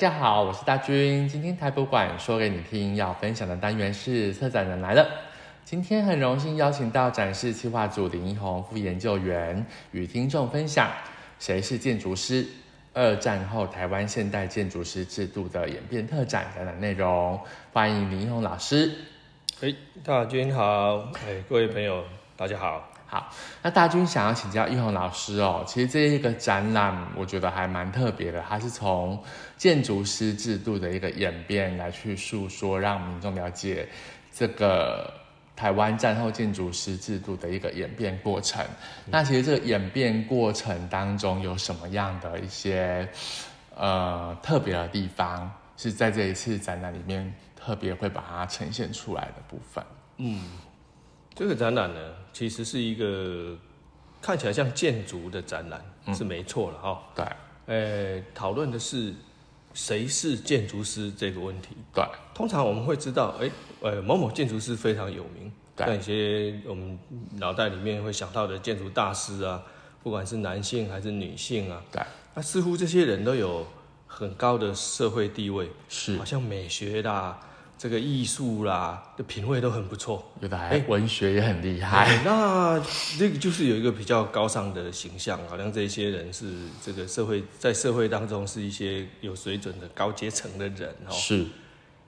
大家好，我是大軍。今天台博館說給你聽要分享的單元是策展人來了。今天很榮幸邀請到展示計劃組林宏副研究員與聽眾分享誰是建築師？二戰後台灣現代建築師制度的演變特展等等內容。歡迎林宏老師。哎，大軍好。哎，各位朋友，大家好。好，那大軍想要請教一紅老師哦。其實這一個展覽，我覺得還蠻特別的。它是從建築師制度的一個演變來去訴說，讓民眾了解這個台灣戰後建築師制度的一個演變過程。嗯。那其實這個演變過程當中有什麼樣的一些呃特別的地方，是在這一次展覽裡面特別會把它呈現出來的部分？嗯。這個展覽呢，其實是一個看起來像建築的展覽，嗯，是沒錯了哈。對，誒、欸，討論的是誰是建築師這個問題。對，通常我們會知道，誒、欸，呃、欸，某某建築師非常有名。對，像一些我們腦袋裡面會想到的建築大師啊，不管是男性還是女性啊，對，那、啊、似乎這些人都有很高的社會地位，是，好像美學的。這個藝術啦的品味都很不錯，有的哎，文學也很厲害。欸欸、那這個 就是有一個比較高尚的形象，好像這些人是這個社會在社會當中是一些有水準的高階層的人哦、喔。是。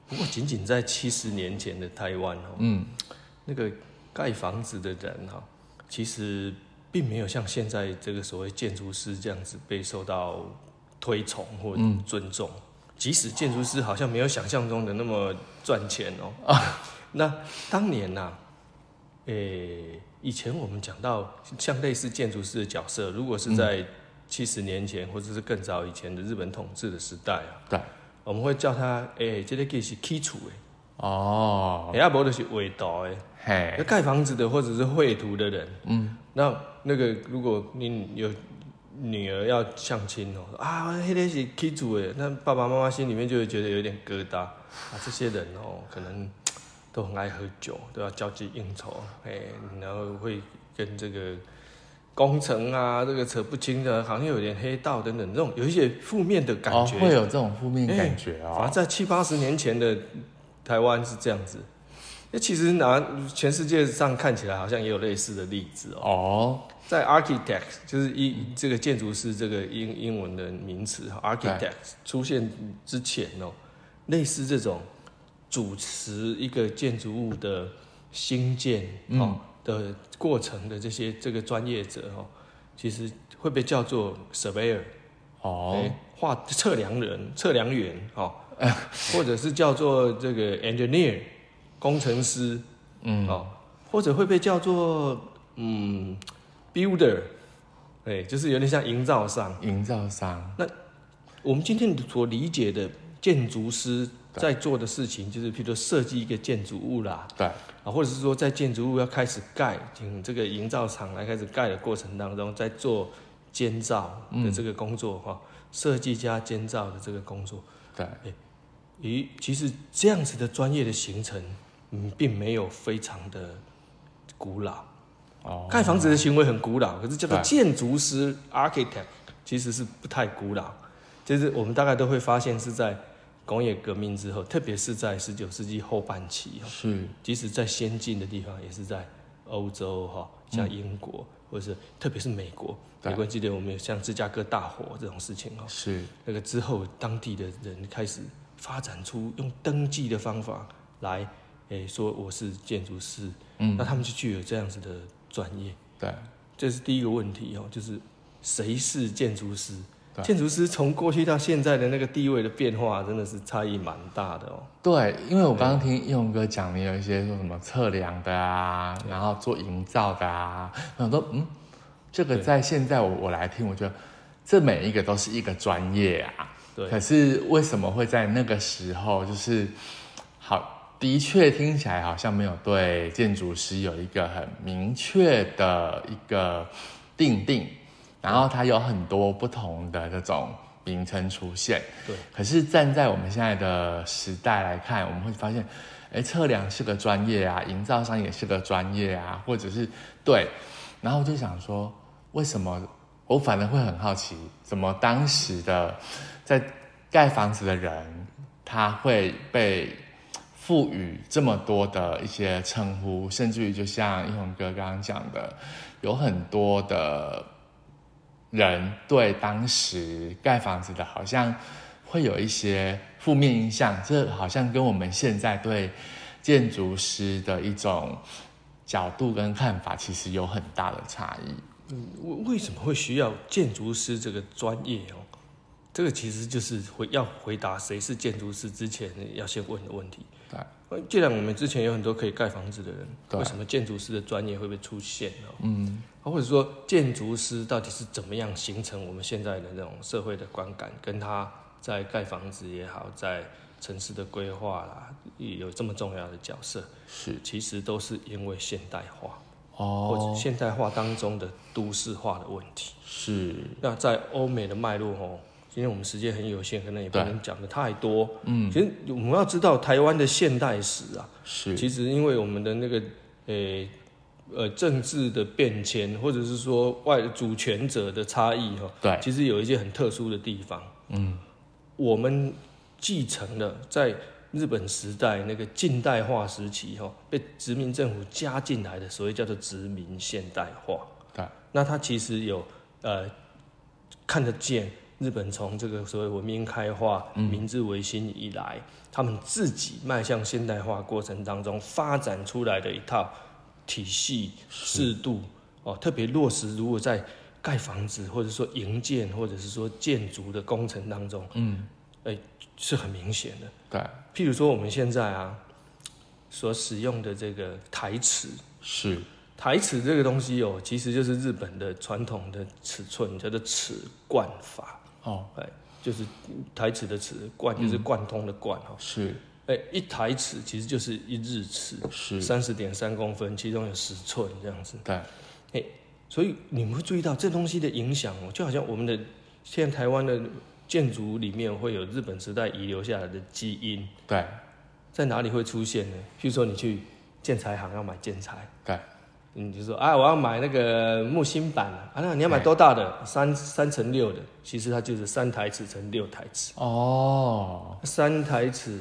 不過，僅僅在七十年前的台灣哦、喔，嗯，那個蓋房子的人哈、喔，其實並沒有像現在這個所謂建築師這樣子被受到推崇或尊重。嗯即使建築師好像沒有想象中的那麼賺錢哦、喔、啊、oh.，那當年吶、啊，誒、欸，以前我們講到像類似建築師的角色，如果是在七十年前、嗯、或者是更早以前的日本統治的時代啊，對，我們會叫他誒、欸，這個叫是基礎的哦，也、oh. 無、啊、就是偉大的，蓋、hey. 房子的或者是繪圖的人，嗯，那那個如果您有。女兒要相親哦，啊，那是 K 主，那爸爸媽媽心裡面就會覺得有點疙瘩啊。這些人哦，可能都很愛喝酒，都要交際應酬，欸，然後會跟這個工程啊，這個扯不清的，好像有點黑道等等，這種有一些負面的感覺。哦，會有這種負面的感覺啊，欸哦。反正，在七八十年前的台灣是這樣子。其實拿全世界上看起來，好像也有類似的例子哦。在 architect 就是一這個建築師這個英英文的名詞，architect 出現之前哦，類似這種主持一個建築物的興建哦的過程的這些這個專業者哦，其實會被叫做 surveyor 哦、哎，畫測量人、測量員哦，或者是叫做這個 engineer。工程師，嗯，哦，或者會被叫做嗯，Builder、欸、就是有點像營造商，營造商。那我們今天所理解的建築師在做的事情，就是譬如說設計一個建築物啦，對，啊，或者是說在建築物要開始蓋，請這個營造廠來開始蓋的過程當中，在做監造的這個工作哈，設計加監造的這個工作，對，咦、欸，其實這樣子的專業的形成。嗯，並沒有非常的古老哦，蓋、oh. 房子的行為很古老，可是叫做建築師 （architect） 其實是不太古老。就是我們大概都會發現是在工業革命之後，特別是在十九世紀後半期，是即使在先進的地方，也是在歐洲哈，像英國、嗯、或者是特別是美國，美國記得我們有像芝加哥大火這種事情哦，是那個之後當地的人開始發展出用登記的方法來。誒、欸，說我是建築師，嗯，那他們就具有這樣子的專業，對，這是第一個問題哦，就是誰是建築師？建築師從過去到現在的那個地位的變化，真的是差異蠻大的哦。對，因為我剛剛聽英文哥講，你有一些說什麼測量的啊，啊然後做營造的啊，很多、啊、嗯，這個在現在我我來聽，我覺得這每一個都是一個專業啊。對，可是為什麼會在那個時候，就是好？的確，聽起來好像沒有對建築師有一個很明確的一個定義，然後它有很多不同的這種名稱出現。對，可是站在我們現在的時代來看，我們會發現，哎、欸，測量是個專業啊，營造商也是個專業啊，或者是，對，然後我就想說，為什麼我反而會很好奇，怎麼當時的在蓋房子的人他會被賦予這麼多的一些稱呼，甚至於就像一鴻哥剛剛講的，有很多的人對當時蓋房子的，好像會有一些負面印象。這好像跟我們現在對建築師的一種角度跟看法，其實有很大的差異。為、嗯、為什麼會需要建築師這個專業哦？這個其實就是回，要回答誰是建築師之前要先問的問題。既然我們之前有很多可以蓋房子的人，為什麼建築師的專業會不會出現呢？嗯，或者說建築師到底是怎麼樣形成我們現在的那種社會的觀感，跟他在蓋房子也好，在城市的規劃啦，有這麼重要的角色？是，其實都是因為現代化哦，或者現代化當中的都市化的問題。是，那在歐美的脈絡哦今天我們時間很有限，可能也不能講得太多。嗯，其實我們要知道台灣的現代史啊，是。其實因為我們的那個、欸、呃政治的變遷，或者是說外主權者的差異哈、喔，對，其實有一些很特殊的地方。嗯，我們繼承了在日本時代那個近代化時期哈、喔，被殖民政府加進來的所謂叫做殖民現代化。對，那它其實有呃看得見。日本從這個所謂文明開化、明治維新以來，嗯，他們自己邁向現代化過程當中發展出來的一套體系制度，哦，特別落實，如果在蓋房子，或者說營建，或者是說建築的工程當中，嗯，欸，是很明顯的。對，譬如說我們現在啊，所使用的這個台詞是台詞這個東西哦，其實就是日本的傳統的尺寸，叫做尺貫法。哦，哎，就是台尺的尺，貫就是貫通的貫哈，嗯。是，哎，欸，一台尺其實就是一日尺，是三十點三公分，其中有十寸這樣子。對，哎，欸，所以你們會注意到這東西的影響喔，就好像我們的現在台灣的建築裡面會有日本時代遺留下來的基因。對，在哪裡會出現呢？譬如說，你去建材行要買建材。對。你、嗯、就是、說啊，我要買那個木芯板啊，那你要買多大的？三三乘六的，其實它就是三台尺乘六台尺。哦，三台尺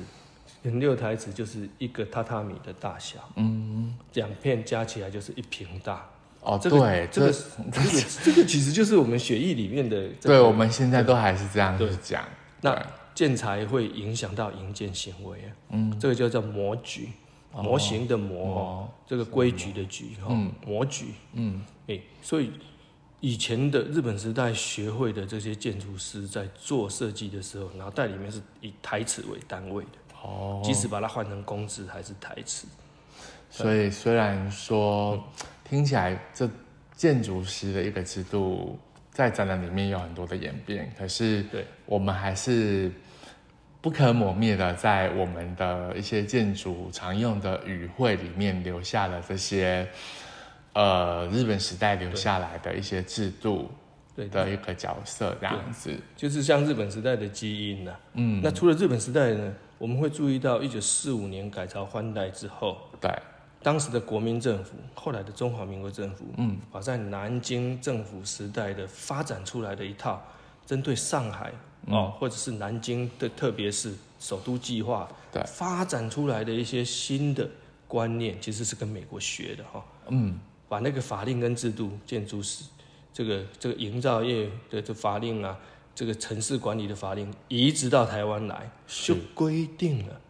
乘六台尺就是一個榻榻米的大小。嗯，兩片加起來就是一坪大。哦、這個，對，這個這個這個其實就是我們血液裡面的、這個。對，我們現在都還是這樣這樣，那建材會影響到營建行為、啊、嗯，這個就叫做模具。模型的模，模，這個規矩的矩，哈、嗯，模矩，嗯、欸，所以以前的日本時代學會的這些建築師在做設計的時候，腦袋裡面是以台詞為單位的，哦，即使把它換成公制還是台詞。所以雖然說、嗯、聽起來這建築師的一個制度在展覽裡面有很多的演變，可是對我們還是。不可磨滅的，在我們的一些建築常用的語彙裡面，留下了這些，呃，日本時代留下來的一些制度，的一個角色這樣子，就是像日本時代的基因了、啊。嗯，那除了日本時代呢，我們會注意到一九四五年改朝換代之後，對，當時的國民政府，後來的中華民國政府，嗯，把在南京政府時代的發展出來的一套，針對上海。哦，或者是南京的，特別是首都計劃發展出來的一些新的觀念，其實是跟美國學的哈。嗯，把那個法令跟制度、建築師、這個這個營造業的這法令啊，這個城市管理的法令移植到台灣來，是就規定了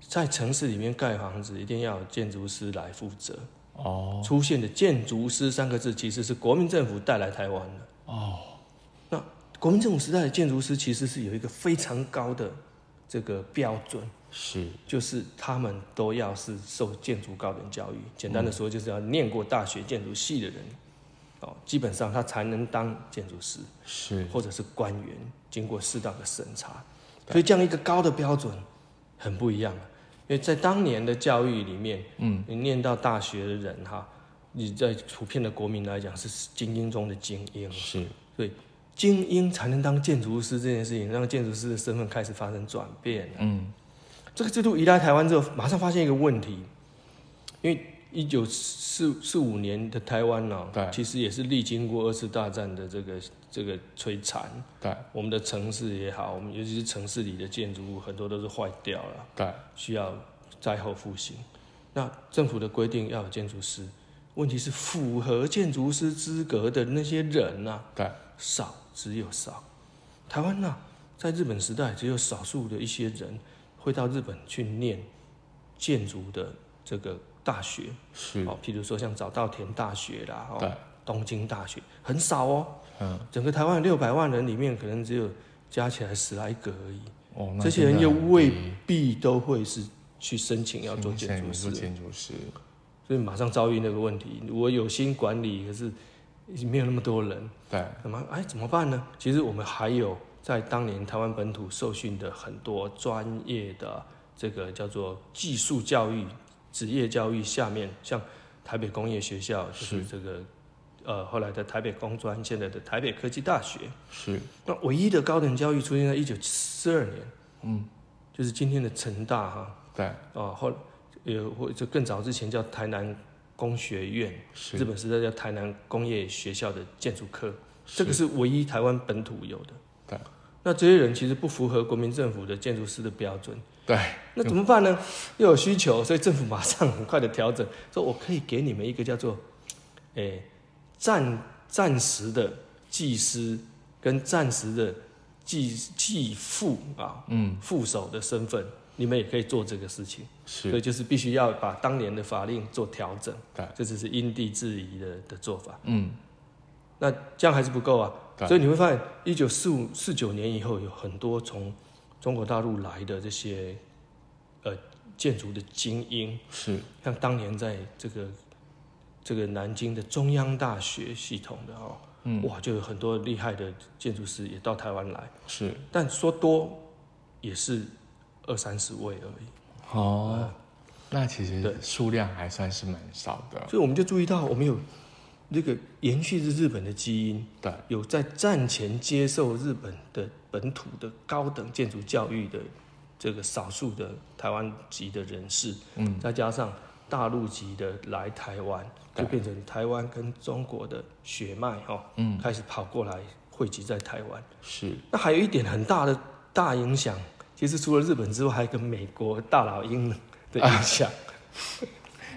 在城市裡面蓋房子一定要有建築師來負責。哦，出現的建築師三個字其實是國民政府帶來台灣的。哦，那。國民政府時代的建築師其實是有一個非常高的這個標準，是，就是他們都要是受建築高等教育。簡單的說，就是要念過大學建築系的人，嗯，哦，基本上他才能當建築師，是，或者是官員，經過適當的審查。所以這樣一個高的標準很不一樣，因為在當年的教育裡面，嗯，你念到大學的人哈，你在普遍的國民來講是精英中的精英，是，對精英才能當建築師這件事情，讓建築師的身份開始發生轉變。嗯，這個制度一來台灣之後，馬上發現一個問題，因為一九四四五年的台灣呢、啊，其實也是歷經過二次大戰的這個這個摧殘。對，我們的城市也好，我們尤其是城市裡的建築物很多都是壞掉了。對，需要災後復興。那政府的規定要有建築師，問題是符合建築師資格的那些人呢、啊？對少只有少，台灣呢、啊、在日本時代，只有少數的一些人會到日本去念建築的這個大學，是哦，譬如說像早稻田大學啦，對，東京大學，很少哦、喔嗯，整個台灣六百萬人裡面，可能只有加起來十來個而已，哦那，這些人又未必都會是去申請要做建築師，建築師，所以馬上遭遇，那個問題，嗯、我有心管理，可是。沒有那麼多人，對，那麼哎怎麼辦呢？其實我們還有在當年台灣本土受訓的很多專業的這個叫做技術教育、嗯、職業教育下面，像台北工業學校，就是這個是呃後來的台北工專，現在的台北科技大學，是。那唯一的高等教育出現在一九四二年，嗯，就是今天的成大哈，對，哦、啊、後也或就更早之前叫台南，工學院，日本是在叫台南工業學校的建築科，這個是唯一台灣本土有的。對，那這些人其實不符合國民政府的建築師的標準。對，那怎麼辦呢？又有需求，所以政府馬上很快的調整，說我可以給你們一個叫做，誒暫暫時的技師跟暫時的技技副啊，嗯、哦，副手的身份。嗯你們也可以做這個事情，是，所以就是必須要把當年的法令做調整，這只是因地制宜的的做法。嗯，那這樣還是不夠啊，所以你會發現，一九四五四九年以後，有很多從中國大陸來的這些呃建築的精英，是，像當年在這個這個南京的中央大學系統的哦，嗯、哇，就有很多厲害的建築師也到台灣來，是、嗯、但說多也是。二三十位而已，哦，嗯、那其實的數量還算是蠻少的。所以我們就注意到，我們有那個延續日日本的基因，對，有在戰前接受日本的本土的高等建築教育的這個少數的台灣籍的人士，嗯，再加上大陸籍的來台灣、嗯，就變成台灣跟中國的血脈，哈、哦，嗯，開始跑過來匯集在台灣。是。那還有一點很大的大影響。其實除了日本之外，還有個美國大佬英文的印象。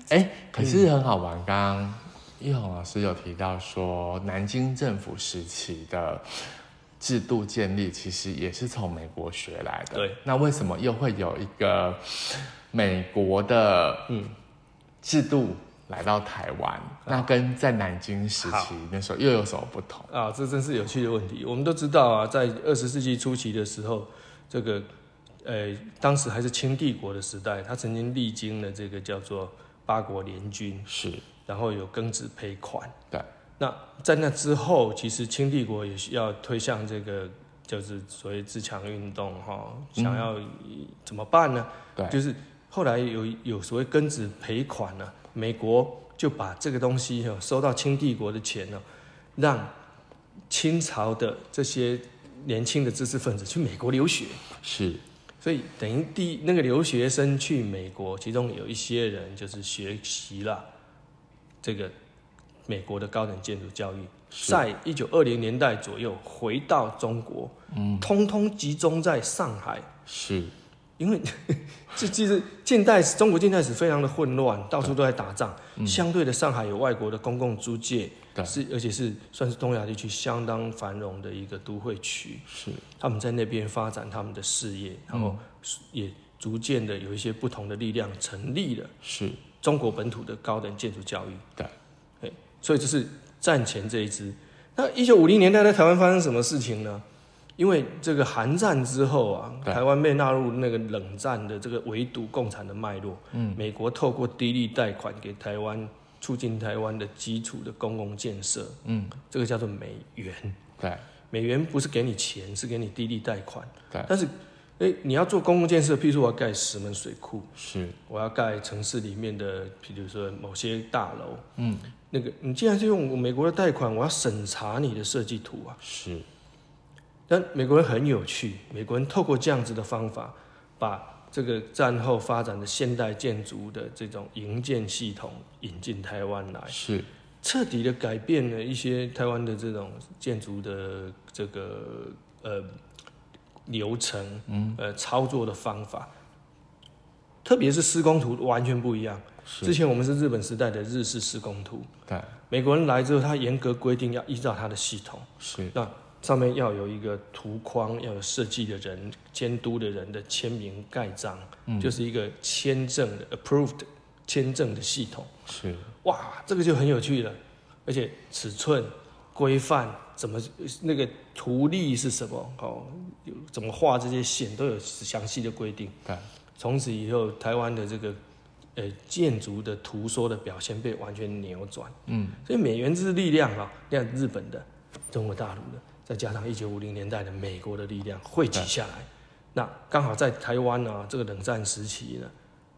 哎、呃 欸，可是很好玩。嗯、剛剛一宏老師有提到說，南京政府時期的制度建立，其實也是從美國學來的。對。那為什麼又會有一個美國的嗯制度來到台灣、嗯？那跟在南京時期那時候又有什麼不同啊？這真是有趣的問題。我們都知道啊，在二十世紀初期的時候，這個。呃，當時還是清帝國的時代，他曾經歷經了這個叫做八國聯軍，是，然後有庚子賠款，對。那在那之後，其實清帝國也需要推向這個，就是所謂自強運動，哈、哦，想要、嗯、怎麼辦呢？對，就是後來有有所謂庚子賠款呢、啊，美國就把這個東西哈、哦，收到清帝國的錢呢、哦，讓清朝的這些年輕的知識分子去美國留學，是。所以等於第那個留學生去美國，其中有一些人就是學習了這個美國的高等建築教育，在一九二零年代左右回到中國，嗯，通通集中在上海，是，因為。 這其實近代史，中國近代史非常的混亂，到處都在打仗。對，相對的，上海有外國的公共租界，是而且是算是東亞地區相當繁榮的一個都會區。是，他們在那邊發展他們的事業，然後也逐漸的有一些不同的力量成立了。是，中國本土的高等建築教育。對，對，所以這是戰前這一支。那一九五零年代在台灣發生什麼事情呢？因為這個韓戰之後啊，台灣被納入那個冷戰的這個圍堵共產的脈絡。嗯，美國透過低利貸款給台灣，促進台灣的基礎的公共建設。嗯，這個叫做美援。對，美援不是給你錢，是給你低利貸款。對，但是，誒你要做公共建設，譬如說我要蓋石門水庫，是，我要蓋城市裡面的，譬如說某些大樓。嗯，那個，你既然是用美國的貸款，我要審查你的設計圖啊。是。但美國人很有趣，美國人透過這樣子的方法，把這個戰後發展的現代建築的這種營建系統引進台灣來，是徹底的改變了一些台灣的這種建築的這個，呃，流程，嗯，呃，操作的方法，特別是施工圖完全不一樣，之前我們是日本時代的日式施工圖，對，美國人來之後，他嚴格規定要依照他的系統，是，那。上面要有一個圖框，要有設計的人、監督的人的簽名蓋章，嗯，就是一個簽證的 approved 簽證的系統。是，哇，這個就很有趣了，而且尺寸規範怎麼，那個圖例是什麼，哦，怎麼畫，這些線都有詳細的規定。從此以後，台灣的這個呃建築的圖說的表現被完全扭轉。嗯，所以美援之力量啊，讓、哦、日本的、中國大陸的。再加上一九五零年代的美國的力量匯集下來，嗯、那剛好在台灣呢、啊，這個冷戰時期呢，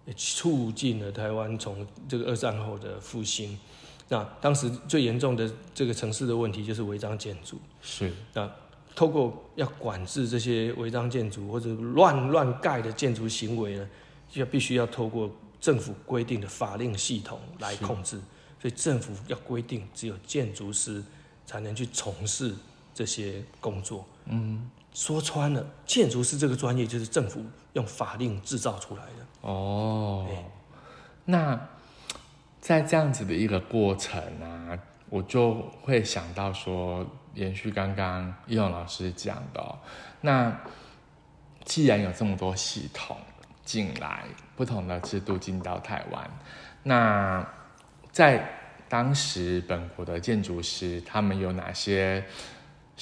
也促進了台灣從這個二戰後的復興。那當時最嚴重的這個城市的問題就是違章建築。是那透過要管制這些違章建築或者亂亂蓋的建築行為呢，就必須要透過政府規定的法令系統來控制。所以政府要規定，只有建築師才能去從事。這些工作，嗯，說穿了，建築師這個專業就是政府用法令製造出來的哦。欸，那在這樣子的一個過程啊，我就會想到說，延續剛剛一勇老師講的哦，那既然有這麼多系統進來，不同的制度進到台灣，那在當時本國的建築師，他們有哪些？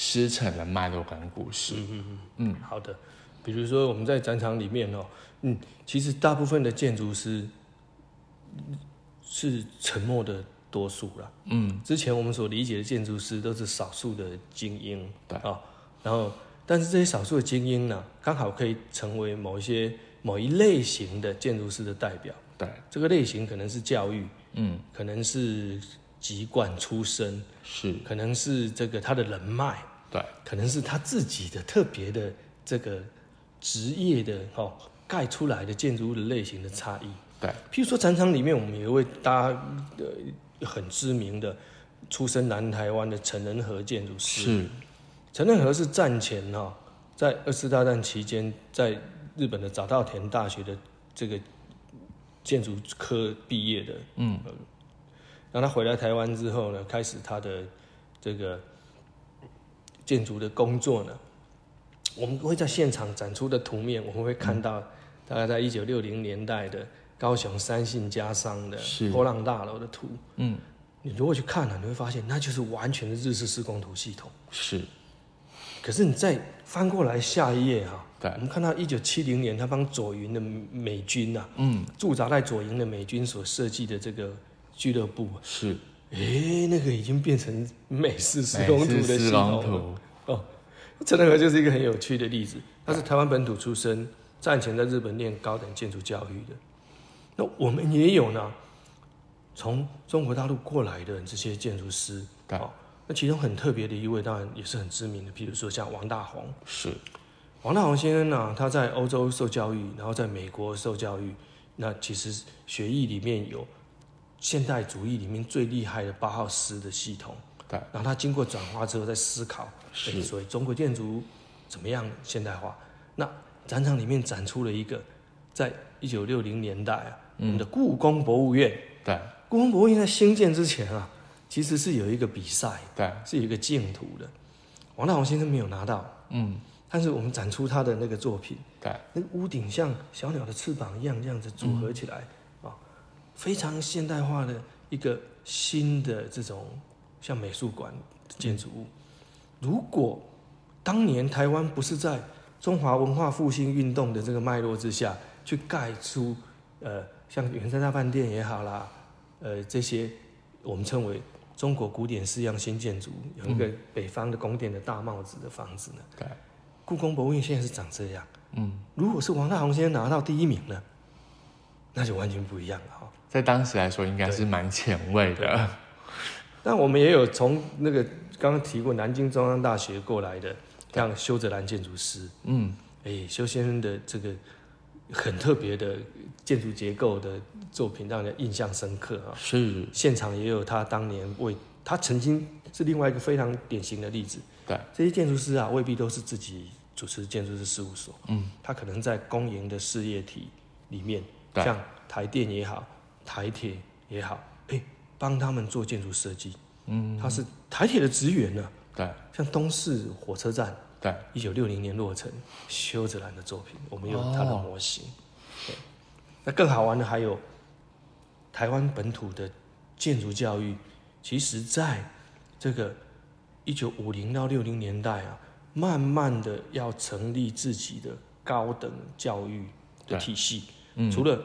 失傳的麥德甘故事。嗯嗯嗯。嗯，好的。比如說，我們在展場裡面哦，嗯，其實大部分的建築師是沉默的多數了。嗯，之前我們所理解的建築師都是少數的精英。對啊、哦。然後，但是這些少數的精英呢、啊，剛好可以成為某一些某一類型的建築師的代表。對。這個類型可能是教育，嗯，可能是籍貫出身，是，可能是這個他的人脈。對，可能是他自己的特別的這個職業的哈、哦、蓋出來的建築物的類型的差異。對，譬如說，展場裡面我們有一位大家很知名的，出身南台灣的陳仁和建築師。是，陳仁和是戰前哈、哦，在二次大戰期間在日本的早稻田大學的這個建築科畢業的。嗯，然後他回來台灣之後呢，開始他的這個。建築的工作呢，我們會在現場展出的圖面，嗯、我們會看到，大概在一九六零年代的高雄三信家商的波浪大樓的圖。嗯，你如果去看了，啊，你會發現那就是完全的日式施工圖系統。是。可是你再翻過來下一頁哈、啊，對，我們看到一九七零年他幫左營的美軍吶、啊，嗯，駐紮在左營的美軍所設計的這個俱樂部是。哎，那個已經變成美式施工圖的線條了。哦，陳德和就是一個很有趣的例子。他是台灣本土出身，戰前在日本念高等建築教育的。那我們也有呢，從中國大陸過來的這些建築師。哦，那其中很特別的一位，當然也是很知名的，譬如說像王大閎是，王大閎先生呢，他在歐洲受教育，然後在美國受教育。那其實學歷裡面有。現代主義裡面最厲害的包浩斯的系統，對，然後他經過轉化之後再思考，是，所以中國建築怎麼樣現代化？那展場裡面展出了一個，在一九六零年代啊、嗯，我們的故宮博物院，對，故宮博物院在興建之前啊，其實是有一個比賽，對，是有一個競圖的，王大閎先生沒有拿到，嗯，但是我們展出他的那個作品，對，那個屋頂像小鳥的翅膀一樣這樣子組合起來。嗯嗯非常現代化的一個新的這種像美術館建築物，如果當年台灣不是在中華文化復興運動的這個脈絡之下去蓋出，呃，像圓山大飯店也好啦，呃，這些我們稱為中國古典式樣新建築，有一個北方的宮殿的大帽子的房子呢。對，故宮博物院現在是長這樣。嗯，如果是王大閎先生拿到第一名呢，那就完全不一樣了。在當時來說，應該是蠻前衛的。 但我們也有從那個剛剛提過南京中央大學過來的，像修澤蘭建築師，嗯，哎、欸，修先生的這個很特別的建築結構的作品，讓人印象深刻啊。是，現場也有他當年為他曾經是另外一個非常典型的例子。對，這些建築師啊，未必都是自己主持建築師事務所，嗯，他可能在公營的事業體裡面，對，像台電也好。台鐵也好，哎、欸，幫他們做建築設計，嗯，他是台鐵的職員呢、啊。對，像東勢火車站，對，一九六零年落成，修澤蘭的作品，我們有他的模型、哦。那更好玩的還有台灣本土的建築教育，其實在這個一九五零到六零年代啊，慢慢的要成立自己的高等教育的體系，嗯、除了。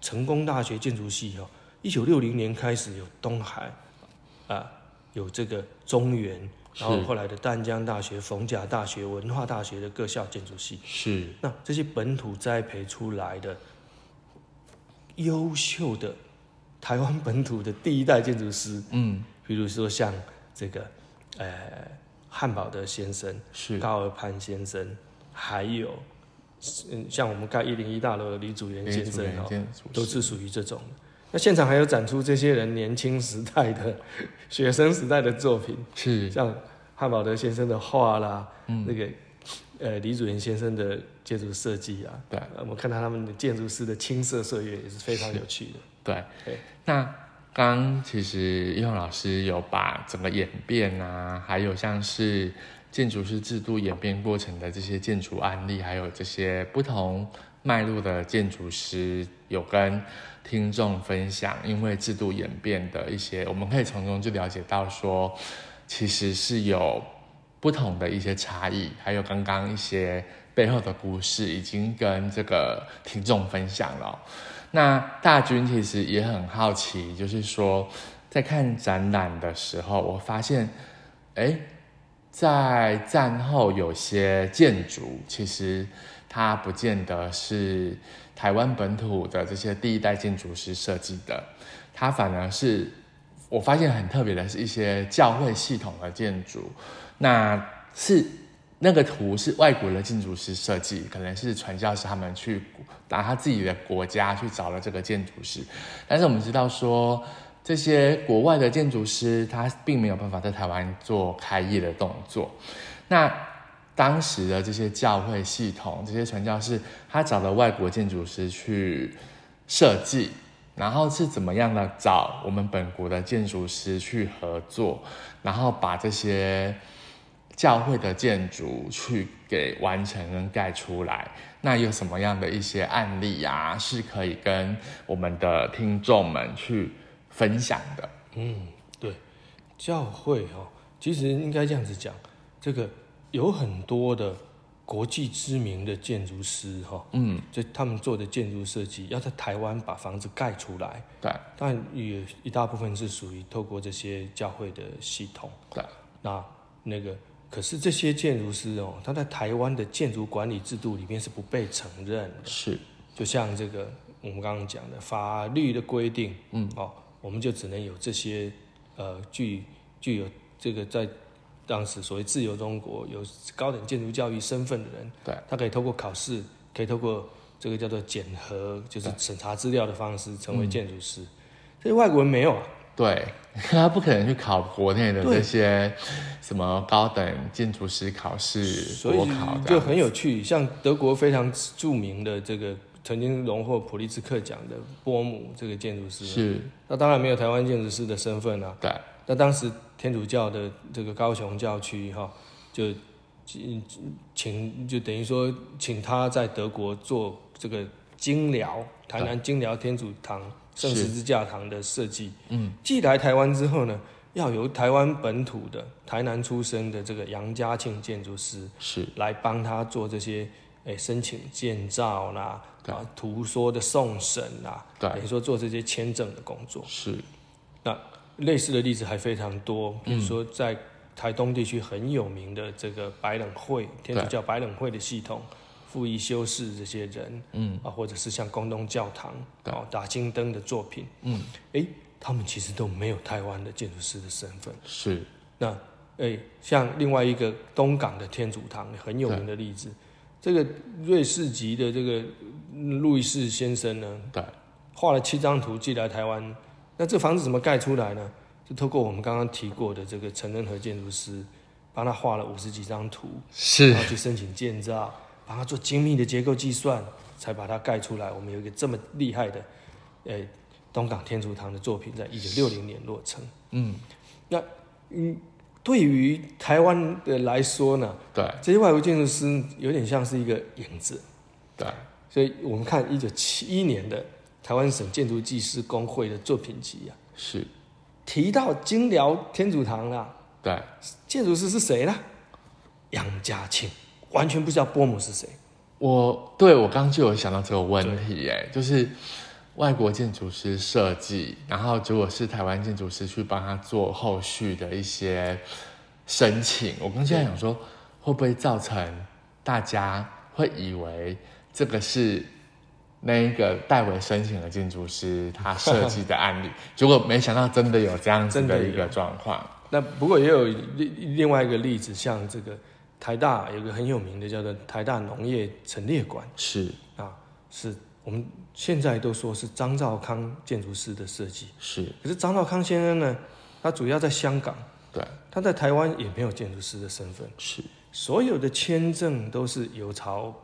成功大學建築系哦，一九六零年開始有東海，啊，有這個中原，然後後來的淡江大學、逢甲大學、文化大學的各校建築系。是。那這些本土栽培出來的優秀的台灣本土的第一代建築師，嗯，比如說像這個，呃，漢寶德先生，是，高而潘先生，還有。嗯，像我們蓋一零一大樓李祖原先生都是屬於這種。那現場還有展出這些人年輕時代的、學生時代的作品，是像漢寶德先生的畫啦、嗯，那個呃李祖原先生的建築設計啊，對啊，我們看到他們的建築師的青澀歲月也是非常有趣的。對，對，那剛其實易宏老師有把整個演變啊，還有像是。建築師制度演變過程的這些建築案例，還有這些不同脈絡的建築師有跟聽眾分享，因為制度演變的一些，我們可以從中就了解到說，其實是有不同的一些差異，還有剛剛一些背後的故事已經跟這個聽眾分享了。那大軍其實也很好奇，就是說在看展覽的時候，我發現，哎、欸。在戰後，有些建築其實它不見得是台灣本土的這些第一代建築師設計的，它反而是我發現很特別的是一些教會系統的建築，那是那個圖是外國的建築師設計，可能是傳教士他們去拿他自己的國家去找了這個建築師，但是我們知道說。這些國外的建築師，他並沒有辦法在台灣做開業的動作。那當時的這些教會系統、這些傳教士，他找了外國建築師去設計，然後是怎麼樣的找我們本國的建築師去合作，然後把這些教會的建築去給完成跟蓋出來？那有什麼樣的一些案例呀、啊？是可以跟我們的聽眾們去。分享的，嗯，對，教會哦，其實應該這樣子講，這個有很多的國際知名的建築師哈、哦，嗯，就他們做的建築設計要在台灣把房子蓋出來，對，但也一大部分是屬於透過這些教會的系統，對，那那個可是這些建築師哦，他在台灣的建築管理制度裡面是不被承認的，是，就像這個我們剛剛講的法律的規定，嗯，哦。我們就只能有這些，呃，具具有這個在當時所謂自由中國有高等建築教育身份的人，對，他可以透過考試，可以透過這個叫做檢核，就是審查資料的方式成為建築師。所以、嗯、外國人沒有啊，對，他不可能去考國內的這些什麼高等建築師考試，國考的就很有趣。像德國非常著名的這個。曾經榮獲普利茲克獎的波姆這個建築師，是那當然沒有台灣建築師的身份啦、啊。那當時天主教的這個高雄教區哈，就請就等於說,等於說請他在德國做這個菁寮，台南菁寮天主堂、聖十字架堂的設計。嗯，寄來台灣之後呢，要由台灣本土的台南出生的這個楊家慶建築師是來幫他做這些。申請建造啦、啊，啊，圖說的送審啦、啊，等於說做這些簽證的工作。是，那類似的例子還非常多。嗯、比如說，在台東地區很有名的這個白冷會天主教白冷會的系統，傅義修士這些人，嗯，啊，或者是像公東教堂達興登的作品，嗯，哎、欸，他們其實都沒有台灣的建築師的身份。是，那哎、欸，像另外一個東港的天主堂很有名的例子。這個瑞士籍的這個路易斯先生呢，對，畫了七張圖寄來台灣，那這房子怎麼蓋出來呢？就透過我們剛剛提過的這個陳仁和建築師，幫他畫了五十幾張圖，是，然後去申請建造，幫他做精密的結構計算，才把它蓋出來。我們有一個這麼厲害的，誒，東港天主堂的作品，在一九六零年落成，嗯，那，嗯。對於臺灣的來說呢，對這些外國建築師有點像是一個影子，對，所以我們看一九七一年的臺灣省建築技師公會的作品集啊，是提到金遼天主堂啊。對，建築師是誰呢？楊家慶，完全不知道波姆是誰。我對我剛剛就有想到這個問題耶，哎，就是。外國建築師設計，然後如果是台灣建築師去幫他做後續的一些申請，我剛現在想說，會不會造成大家會以為這個是那一個代為申請的建築師他設計的案例？ 結果沒想到真的有這樣子的一個狀況，那不過也有另另外一個例子，像這個台大有一個很有名的叫做台大農業陳列館，是啊，是。我們現在都說是張肇康建築師的設計，是。可是張肇康先生呢，他主要在香港，對。他在台灣也沒有建築師的身份，是。所有的簽證都是由朝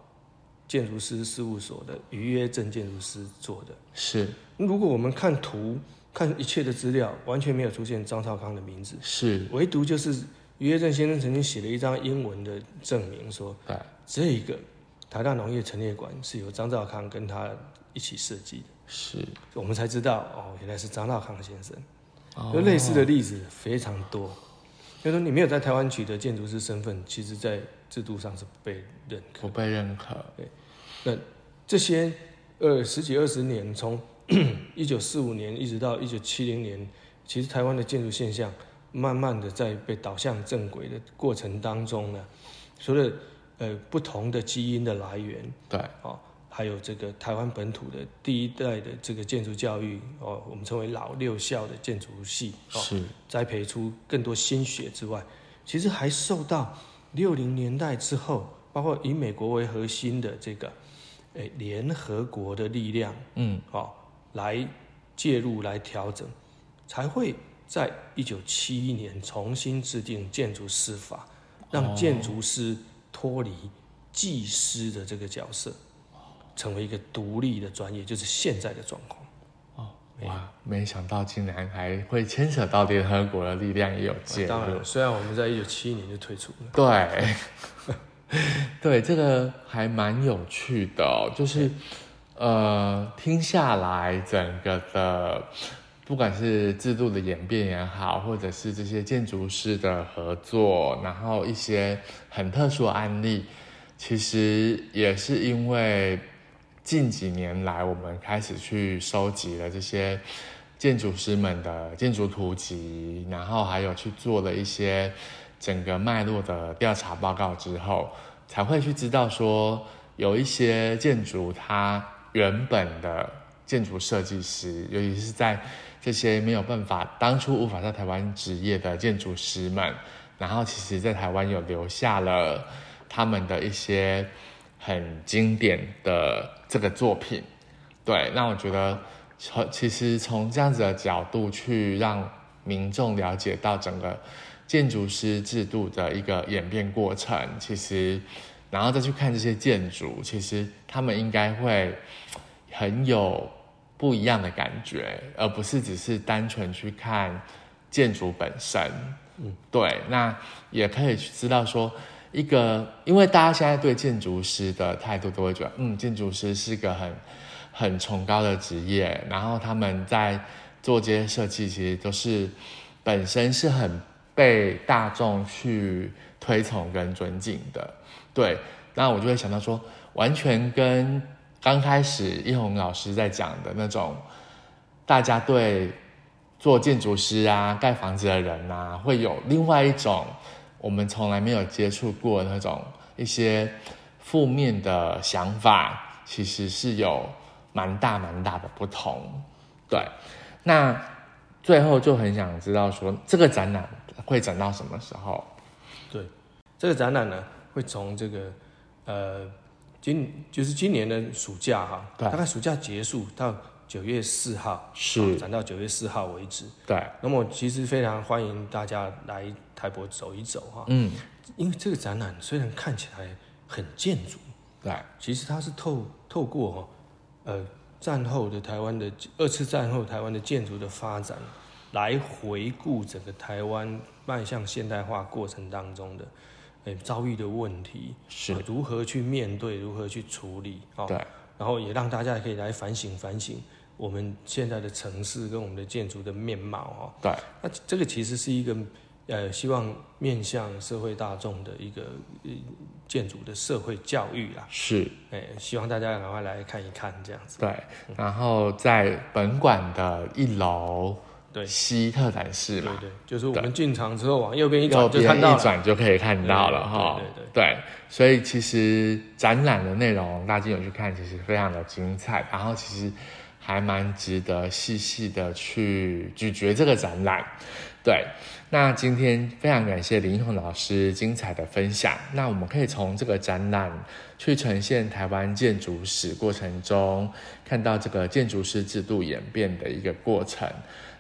建築師事務所的虞曰鎮建築師做的，是。如果我們看圖、看一切的資料，完全沒有出現張肇康的名字，是。唯獨就是虞曰鎮先生曾經寫了一張英文的證明，說，對，這個。台大農業陳列館是由張兆康跟他一起設計的，是，我們才知道哦，原來是張兆康先生。就、哦、類似的例子非常多，就是、說你沒有在台灣取得建築師身份，其實在制度上是不被認可，不被認可。對，那這些呃十幾二十年，從一九四五年一直到一九七零年，其實台灣的建築現象慢慢的在被導向正軌的過程當中呢，除了。呃，不同的基因的來源，對、哦、還有這個台灣本土的第一代的這個建築教育，哦，我們稱為老六校的建築系，哦、是栽培出更多心血之外，其實還受到六零年代之後，包括以美國為核心的這個，呃、聯合國的力量，嗯，哦，來介入來調整，才會在一九七一年重新制定建築師法，讓建築師、哦。脫離技師的這個角色，成為一個獨立的專業，就是現在的狀況。哇，沒想到竟然還會牽扯到聯合國的力量也有介入。當然，雖然我們在一九七一年就退出了。對 對，這個還蠻有趣的、哦，就是、是，呃，聽下來整個的。不管是制度的演變也好，或者是這些建築師的合作，然後一些很特殊的案例，其實也是因為近幾年來，我們開始去收集了這些建築師們的建築圖集，然後還有去做了一些整個脈絡的調查報告之後，才會去知道說有一些建築它原本的建築設計師，尤其是在。這些沒有辦法當初無法在台灣執業的建築師們，然後其實，在台灣有留下了他們的一些很經典的這個作品。對，那我覺得，其實從這樣子的角度去讓民眾了解到整個建築師制度的一個演變過程，其實，然後再去看這些建築，其實他們應該會很有。不一樣的感覺，而不是只是單純去看建築本身。嗯。對。那也可以知道說，一個，因為大家現在對建築師的態度都會覺得，嗯，建築師是個很很崇高的職業。然後他們在做這些設計，其實都是本身是很被大眾去推崇跟尊敬的。對。那我就會想到說，完全跟。剛開始一宏老師在講的那種，大家對做建築師啊、蓋房子的人啊，會有另外一種我們從來沒有接觸過那種一些負面的想法，其實是有蠻大蠻大的不同，對。那最後就很想知道說，這個展覽會展到什麼時候？對，這個展覽呢、啊，會從這個呃。今就是今年的暑假哈、啊，大概暑假結束到九月四號，是，展到九月四號為止。對，那麼其實非常歡迎大家來台北走一走哈、啊。嗯，因為這個展覽雖然看起來很建築，對，其實它是透透過哈、哦，呃，戰後的台灣的二次戰後台灣的建築的發展，來回顧整個台灣邁向現代化過程當中的。遭遇的問題是、啊，如何去面對，如何去處理、哦。對，然後也讓大家可以來反省反省我們現在的城市跟我們的建築的面貌。對，那、啊、這個其實是一個呃，希望面向社會大眾的一個、呃、建築的社會教育啦、啊。是誒，希望大家趕快來看一看這樣子。對、嗯，然後在本館的一樓，對西特展示嘛對對，就是我們進場之後往右邊一轉，就看到一轉就可以看到了哈。對對,對,對,對,對所以其實展覽的內容，大家有去看，其實非常的精彩。然後其實還蠻值得細細的去咀嚼這個展覽。對，那今天非常感謝林宏老師精彩的分享。那我們可以從這個展覽去呈現台灣建築史過程中，看到這個建築師制度演變的一個過程。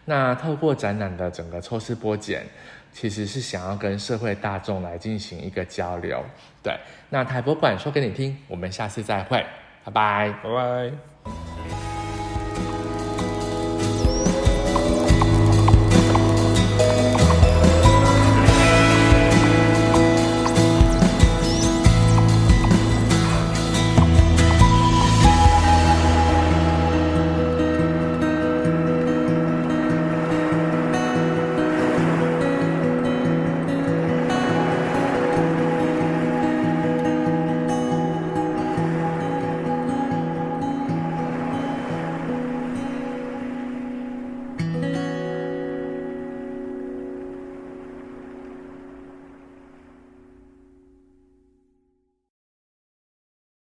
那透過展覽的整個抽絲剝繭，其實是想要跟社會大眾來進行一個交流。對，那台博館說給你聽，我們下次再會，拜拜，拜拜。